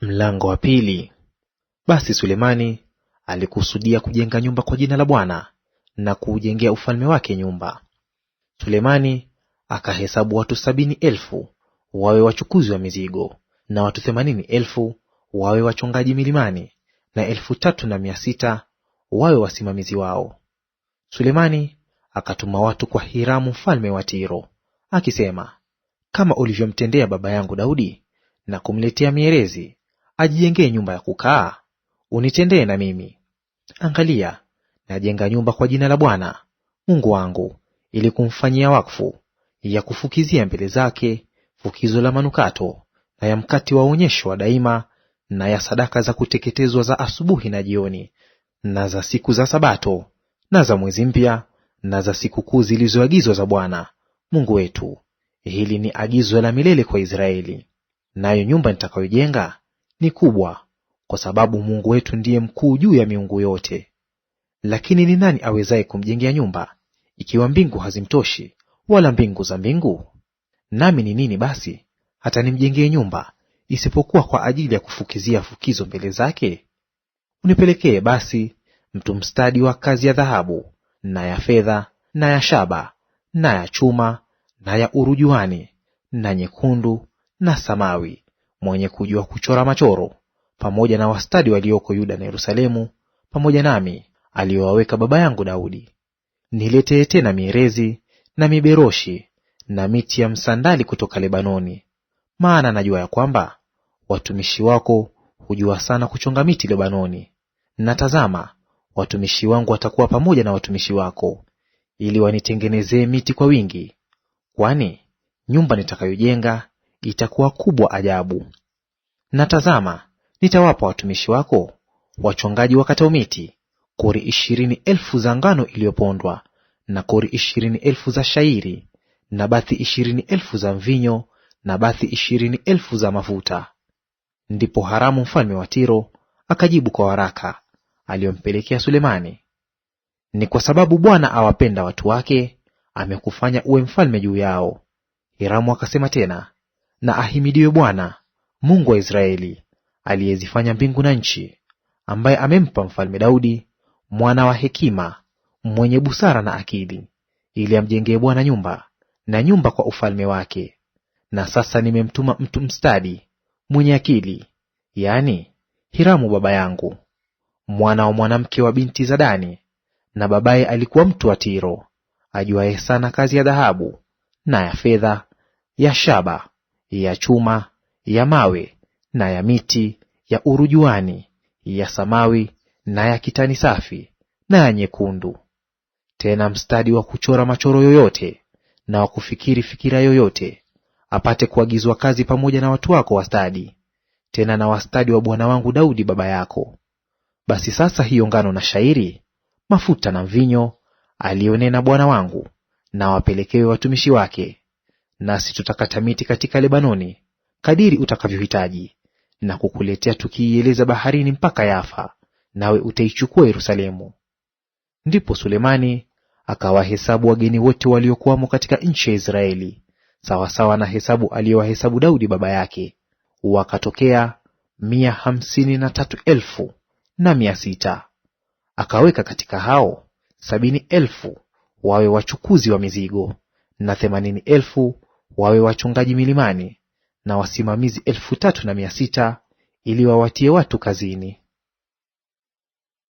Mlango wa pili. Basi Sulemani alikusudia kujenga nyumba kwa jina la Bwana na kuujengea ufalme wake nyumba. Sulemani akahesabu watu sabini elfu wawe wachukuzi wa mizigo na watu themanini elfu wawe wachongaji milimani na elfu tatu na mia sita wawe wasimamizi wao. Sulemani akatuma watu kwa Hiramu mfalme wa Tiro akisema, kama ulivyomtendea baba yangu Daudi na kumletea mierezi ajijengee nyumba ya kukaa, unitendee na mimi. Angalia, najenga nyumba kwa jina la Bwana Mungu wangu, ili kumfanyia wakfu, ya kufukizia mbele zake fukizo la manukato na ya mkati wa onyesho wa daima na ya sadaka za kuteketezwa za asubuhi na jioni na za siku za Sabato na za mwezi mpya na za sikukuu zilizoagizwa za Bwana Mungu wetu. Hili ni agizo la milele kwa Israeli. Nayo nyumba nitakayojenga ni kubwa, kwa sababu Mungu wetu ndiye mkuu juu ya miungu yote. Lakini ni nani awezaye kumjengea nyumba, ikiwa mbingu hazimtoshi, wala mbingu za mbingu? Nami ni nini basi hata nimjengee nyumba, isipokuwa kwa ajili ya kufukizia fukizo mbele zake? Unipelekee basi mtu mstadi wa kazi ya dhahabu na ya fedha na ya shaba na ya chuma na ya urujuani na nyekundu na samawi mwenye kujua kuchora machoro, pamoja na wastadi walioko Yuda na Yerusalemu, pamoja nami, aliyowaweka baba yangu Daudi. Niletee tena mierezi na miberoshi na miti ya msandali kutoka Lebanoni, maana najua ya kwamba watumishi wako hujua sana kuchonga miti Lebanoni. Na tazama, watumishi wangu watakuwa pamoja na watumishi wako, ili wanitengenezee miti kwa wingi, kwani nyumba nitakayojenga itakuwa kubwa ajabu. Na tazama, nitawapa watumishi wako wachongaji wakatao miti kori ishirini elfu za ngano iliyopondwa na kori ishirini elfu za shairi na bathi ishirini elfu za mvinyo na bathi ishirini elfu za mafuta. Ndipo Haramu mfalme wa Tiro akajibu kwa waraka aliyompelekea Sulemani, ni kwa sababu Bwana awapenda watu wake, amekufanya uwe mfalme juu yao. Hiramu akasema tena, na ahimidiwe Bwana Mungu wa Israeli, aliyezifanya mbingu na nchi, ambaye amempa mfalme Daudi mwana wa hekima, mwenye busara na akili, ili amjengee Bwana nyumba, na nyumba kwa ufalme wake. Na sasa nimemtuma mtu mstadi mwenye akili, yaani Hiramu baba yangu, mwana wa mwanamke wa binti za Dani, na babaye alikuwa mtu wa Tiro, ajuaye sana kazi ya dhahabu na ya fedha, ya shaba ya chuma, ya mawe na ya miti, ya urujuani, ya samawi na ya kitani safi na ya nyekundu; tena mstadi wa kuchora machoro yoyote na wa kufikiri fikira yoyote, apate kuagizwa kazi pamoja na watu wako wastadi, tena na wastadi wa bwana wangu Daudi baba yako. Basi sasa hiyo ngano na shairi, mafuta na mvinyo, aliyonena bwana wangu, na wapelekewe watumishi wake nasi tutakata miti katika Lebanoni kadiri utakavyohitaji, na kukuletea tukiieleza baharini mpaka Yafa, nawe utaichukua Yerusalemu. Ndipo Sulemani akawahesabu wageni wote waliokuwamo katika nchi ya Israeli sawasawa na hesabu aliyowahesabu Daudi baba yake, wakatokea mia hamsini na tatu elfu na mia sita. Akaweka katika hao sabini elfu wawe wachukuzi wa mizigo na themanini elfu wawe wachungaji milimani na wasimamizi elfu tatu na mia sita ili wawatie watu kazini.